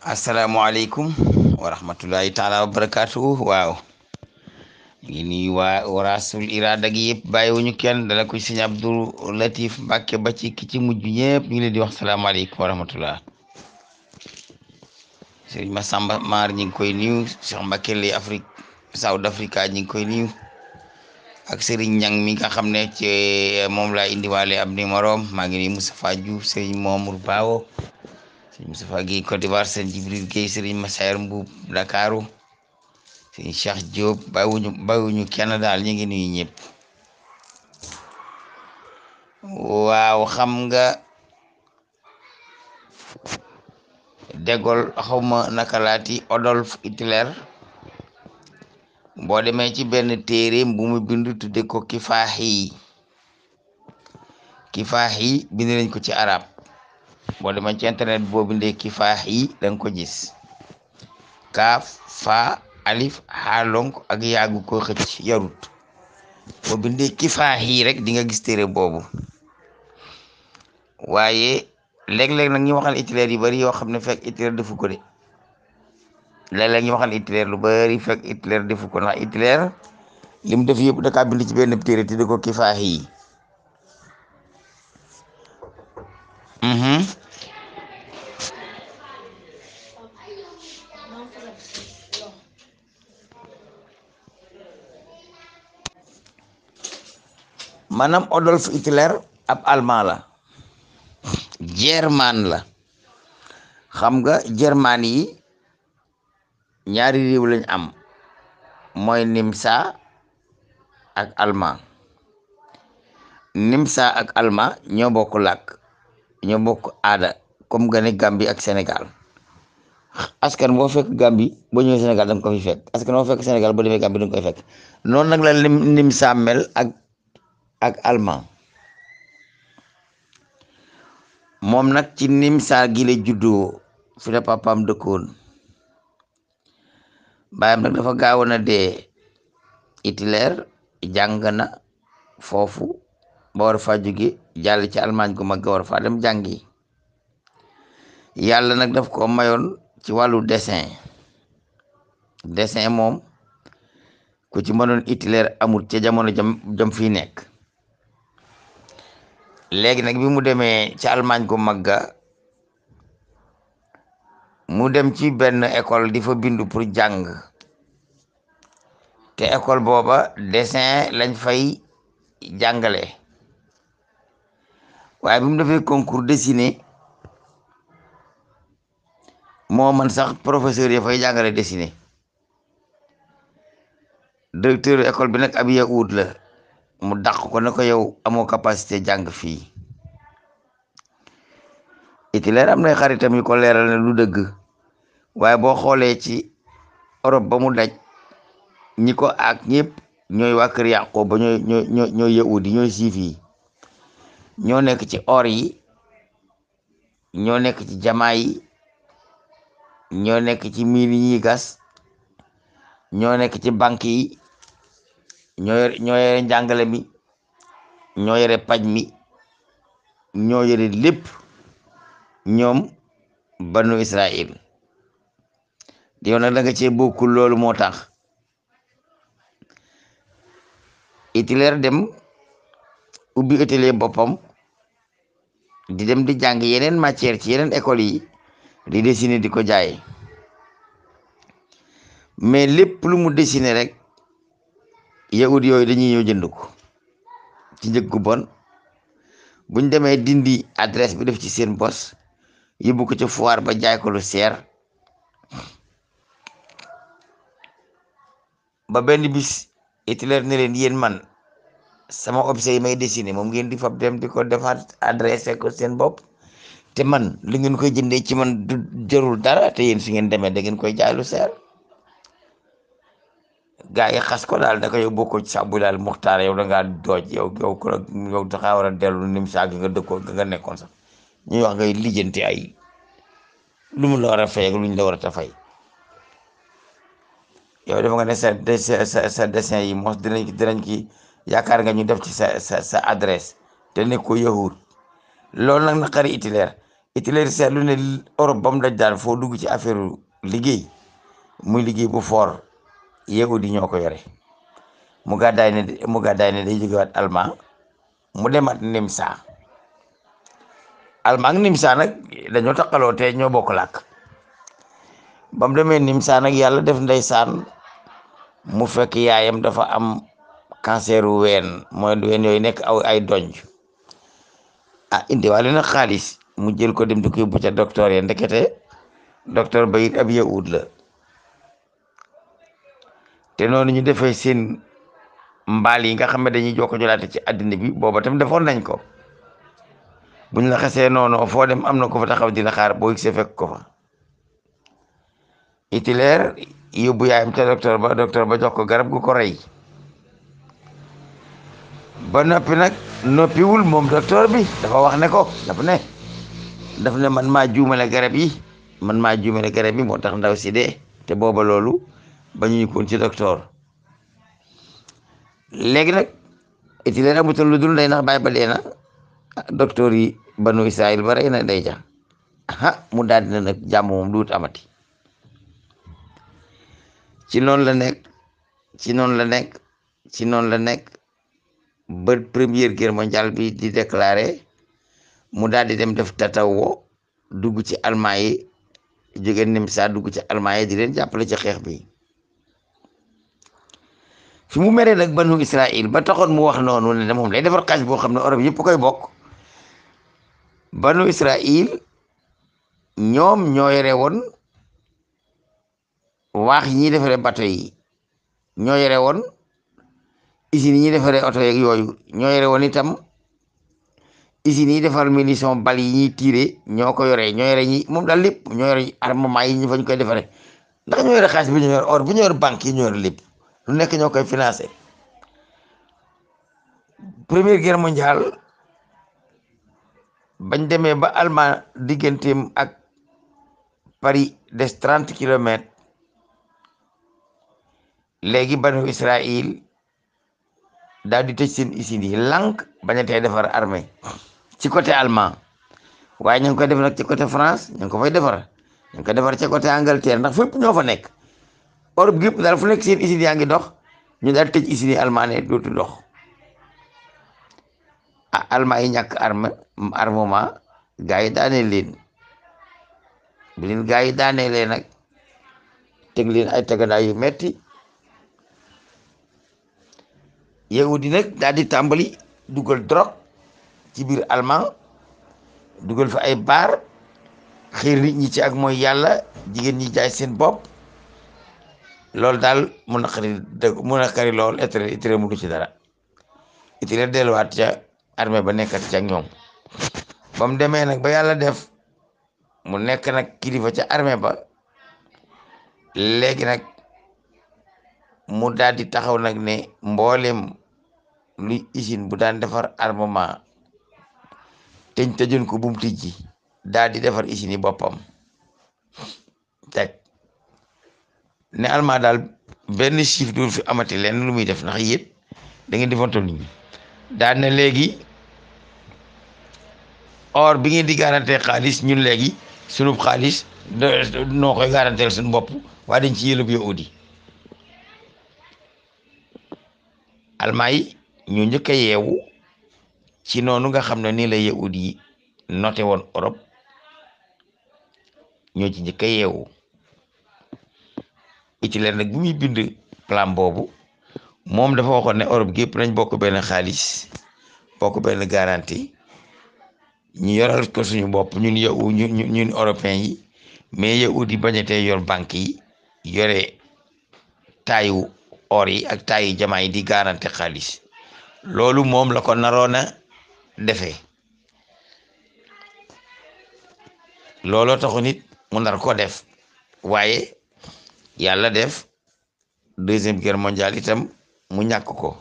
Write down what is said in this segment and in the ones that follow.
Assalamualaikum warahmatullahi taala wabarakatuh wow ini wa rasul Irada gi yëpp bàyyiwuñu kenn dala ko sëñ abdul Latif mbacke ba ci ki ci mujj ñëpp ñu ngi leen di wax salaamaaleykum wa rahmatullah ma samba Mar ñi koy nuyu Cheikh mbacke li Afrique South Africa ñi koy nuyu ak Serigne Ñang mi nga ci eh, mom la indi walé am ni morom ma ngi ni Moustapha Diouf Serigne Momour Bawo sëñ Moustapha Guèye Côte d'Ivoire sëñ Jibril Guèye sëriñ Massaer Mbuub Dakaru sëñ Cheikh Diop bàyyiwuñu bàyyiwuñu kenn daal ñu ngi nuyu ñëpp waaw xam nga dégol xawma nakalaati Adolf Hitler boo demee ci benn téeréem bu mu bind tudde ko kifaax yi kifaax nañ ko ci arab boo demee ci internet boobu léegi faax yi da ko gis kaaf faa alif xaalonk ak yagu ko xëcc yarut boo bindee ki faax yi rek di nga gis téere boobu waaye léeg-léeg nag ñu waxal itinéraire yu bari yoo xam ne fekk itinéraire defu ko de léeg-léeg ñu waxal itinéraire lu bari fekk itinéraire defu ko ndax itinéraire li mu def yëpp da kaa bind ci benn téere te di ko ki faax yi manam Adolf Hitler ab allemand la Jerman la xam nga nyari yi ñaari réew lañ am moy Nimsa ak alma Nimsa ak alma ño bokk lak ño bokk ada comme gane Gambie ak Senegal askan boo fekk Gambie bo ñëwee senegal da ko fi fekk askan boo fekk senegal bo demé Gambie da ko fekk non nak la Nimsa mel ak ak allemand mom nak ci sa gi la juddo fi la papam dekon bayam nak dafa gaawoon de Hitler jàng foofu ba war faa jóge jàll ci allemand gu mag ga war dem jangi yalla nak daf ko mayon ci walu dessin dessin mom ku ci mënoon Hitler amul ci jamono jam jam nek léegi nag bi mu demee ci Allemagne gu mag ga mu dem ci benn école di fa bindu pour jàng te école booba dessin lañ fay jàngale waaye bi defee concours dessiné moo man sax professeur ya fay jàngale dessiné directeur école bi nag Abiya Oud la mu dàq ko ne ko yow amoo capacité jàng fii Hitler am na xaritam yu ko leeral ne lu dëgg waaye boo xoolee ci Europe ba mu daj ñi ko ak ñëpp ñooy waa kër ko ba ñooy ñooy ñooy yahudi ñooy siif yi ñoo nekk ci or yi ñoo nekk ci jamaa yi ñoo nekk ci miin yi ñuy gas ñoo nekk ci banque yi ñoo yore ñoo yore njàngale mi ñoo yore paj mi ñoo yore lépp ñoom banu Israël di nag da nga cee bokkul loolu moo tax Hitler dem ubbi atelier boppam di dem di jàng yeneen matière ci yeneen école yi di dessiner di ko jaay mais lépp lu mu dessiner rek yahud yooyu dañuy ñëw jënd ko ci njëg bon buñ demee dindi adresse bi def ci seen bos yóbbu ko ci foire ba jaay ko lu seer ba benn bis Hitler ne leen yéen man sama objet yi may dessiné moom ngeen di fab dem di ko defaat adressé ko seen bopp te man li ngeen koy jëndee ci man du jarul dara te yéen su ngeen demee da ngeen koy jaay lu seer gaa yi xas ko daal da ko yow bokkoo ci sàbbu daal muxtaar yow da ngaa dooj yow yow ko yow daxaa war a dellu nim saag nga dëkkoon nga nekkoon sax ñuy wax nga lijjanti ay lu mu la war a fay ak lu ñu la a ta fay yow dafa nga ne sa sa yi mos dinañ dinañ ki yaakaar nga ñu def ci sa sa sa adresse te ne ko yahut loolu nag naqari Hitler Hitler seetlu ne Europe ba mu daj daal foo dugg ci affaire liggéey muy liggéey bu fort yahud yi ñoo ko yore mu gàddaay ne mu gàddaay ne day jógewaat allemand mu demaat nimsa allemand ak nimsa nag dañoo taqaloo te ñoo bokk làkk ba mu demee nimsa nag yàlla def ndeysaan mu fekk yaayam dafa am kanseeru ween mooy ween yooyu nekk aw ay donj ah indiwaale na xaalis mu jël ko dem di ko yóbbu ca docteur ya ndekete docteur bayit ab yahud la te noonu ñu defee seen mbaal yi nga xam ne dañuy jokko jolaate ci àddina bi booba tam defoon nañ ko buñ la xasee noonu foo dem am na ko fa taxaw dina xaar boo gisee fekk ko fa itileer yóbbu yaayam te docteur ba docteur ba jox ko garab gu ko rey ba noppi nag noppiwul moom docteur bi dafa wax ne ko daf ne daf ne man maa juumale garab yi man maa juumale garab yi moo tax ndaw si dee te booba loolu ba ñu koon ci docteur léegi nag iti bu amutal lu dul day ndax baay ba dee na docteur yi banu Israël ba rey na day ja aha mu daal dina nag jàmm moom duut amati ci noonu la nekk ci noon la nekk ci noonu la nekk ba première guerre mondiale bi di déclaré mu daal di dem def tatawo dugg ci almaa yi jóge nim saa dugg ci almaa yi di jàppale ci xeex bi si mu meree nag banu Israël ba taxoon mu wax noonu ne moom lay defar xaalis boo xam ne Europe yëpp koy bokk banu Israël ñoom ñoo yore woon waax yi ñuy defaree bato yi ñoo yore woon usines yi ñuy defaree oto yeeg yooyu ñoo yore woon itam usines yi defar munition bal yi ñuy tiire ñoo ko yoree ñoo yore ñi moom daal lépp ñoo yore armement yi ñu fañ koy defaree ndax ñooy yore xaalis bi ñu yore or bu ñu yore banque yi ñoo yore lu nek ñoo koy financé première guerre mondiale bañ démé ba allemand digënté ak Paris des 30 km légui banu Israël daal di tej seen isini lank baña tay défar armée ci côté allemand waaye ñu ko def nak ci côté France ñu ko fay défar ñu ko défar ci côté Angleterre ndax fepp ñofa nek Europe gépp daal fu nek seen usines yaangi dox ñu daal tej usines yi almaane dootu dox almay ñak arme armoma gaay daane leen bi leen gars yi leen nak tek leen ay tegandaay yu metti yahudi nak daal di tàmbali drok drogue ci bir alman duggal fa ay bar xëy nit ñi ci ak moy yalla jigéen ñi jaay seen bop loolu daal mu naqari dëgg mu lool Itali Itali mu du ci dara Itali delluwaat ca armée ba nekkat ca ñoom ba mu demee nag ba yàlla def mu nekk nag kilifa ca armée ba léegi nag mu daal taxaw nag ne mbooleem luy usine bu daan defar armement teñ tëjoon ko bu mu tijji daal defar usine yi boppam teg ne Allemagne daal benn chiffre du fi amati lenn lu muy def ndax yëpp danga ngeen di fonto daal ne léegi or bi ngeen di garanté xaalis ñun léegi sunub xaalis noo koy garantéel suñu bopp waaye dañ ci yëlëb yow audi Allemagne yi ñu njëkk a yeewu ci noonu nga xam ne nii lay yahudi yi noté woon Europe ñoo ci njëkk a yeewu Hitler nag bu muy bind plan boobu moom dafa waxoon ne Europe gépp nañ bokk benn xaalis bokk benn garantie ñu yoral ko suñu bopp ñun yow ñun ñun européen yi mais yow di bañatee yor banque yi yore taayu or yi ak taayu jaman yi di garantie xaalis loolu moom la ko naroon a defee looloo taxu nit mu nar ko def waaye yàlla def deuxième guerre mondiale itam mu ñàkk ko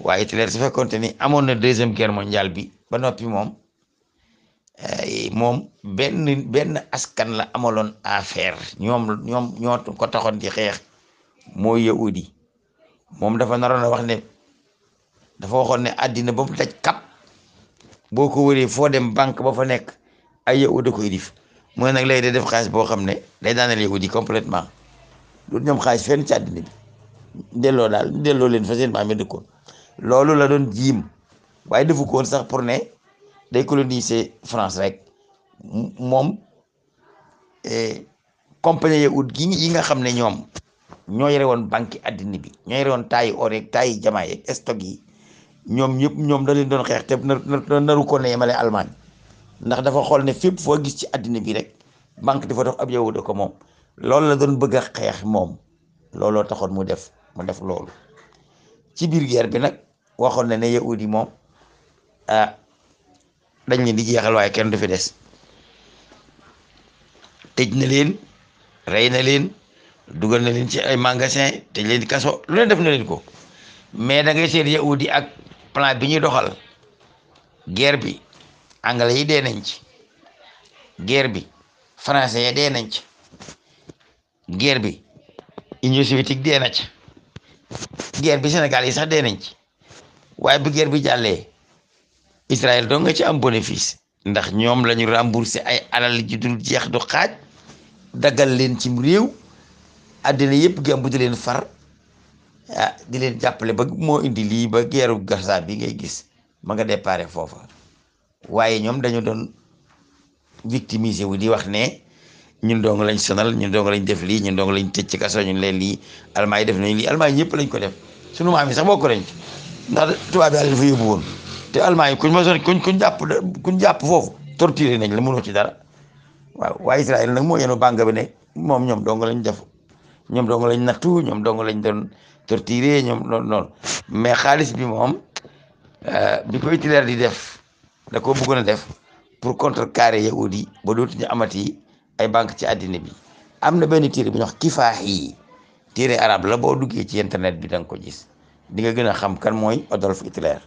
waaye Hitler su fekkoonte ni amoon na deuxième guerre mondiale bi ba noppi moom moom benn benn askan la amaloon affaire ñoom ñoom ko taxoon di xeex moo yahudi moom dafa naroon a wax ne dafa waxoon ne àddina ba mu daj kap boo ko wëree foo dem banque ba fa nekk ay yahudi koy dif mooy nag lay day def xaalis boo xam ne day daanal yahudi complètement doon ñoom xaalis fenn ci àddina bi delloo daal delloo leen fa seen maam yi dëkkoon loolu la doon jiim waaye defu ko woon sax pour ne day coloniser France rek moom eh, compagnie ya ut gi yi nga xam ne ñoom ñoo yore woon banque àddina bi ñoo yore woon taayi or yeeg taayi jamaa yeeg stock yi ñoom ñëpp ñoom da leen doon xeex te naru ko ne yemale Allemagne ndax dafa xool ne fépp foo gis ci àddina bi rek banque dafa dox ab yowu de ko moom loolu la doon bëgg a xeex moom looloo taxoon mu def mu def loolu ci biir guerre bi nag waxoon na ne yahud yi moom ah dañ leen di jeexal waaye kenn du fi des tëj na leen rey na leen dugal na leen ci ay magasin tëj leen di kaso lu leen def na leen ko mais da ngay seet yahud yi ak plan bi ñuy doxal guerre bi anglais yi dee nañ ci guerre bi français yi dee nañ ci. guerre bi union soviétique dee na ci guerre bi Sénégal yi sax dee nañ ci waaye bu guerre bi doo nga ci am bénéfice ndax ñoom lañu remboursé ay alal ji dul jeex du xaaj dagal leen ci réew àddina yëpp gàmbu di leen far ah di leen jàppale ba moo indi lii ba geeru Gaza bi ngay gis ma nga déparé foofa waaye ñoom dañu doon victimiser wu di wax ne ñun dong lañ sonal ñun dong lañ def lii ñun dong lañ tëj ci kaso ñun leen lii almaa yi def nañ lii almaa yi ñëpp lañ ko def sunu maam yi sax bokk nañ ndax tubaab yi daal dafa yóbbu woon te almaa yi kuñ ma sonal kuñ kuñ jàpp kuñ jàpp foofu torturé nañ la mënoo ci dara waaw waaye Israël nag moo yenu bànga bi ne moom ñoom dong lañ def ñoom dong lañ nattu ñoom dong lañ doon torturé ñoom noonu noonu mais xaalis bi moom euh, bi ko Hitler di def da ko bëggoon a def pour contrecarrer yahudi ba dootuñu amati ay banque ci addina bi am na benn téere bu ñuy wax kifaax yi téere arab la boo duggee ci internet bi da nga ko gis di nga gën a xam kan mooy Adolf Hitler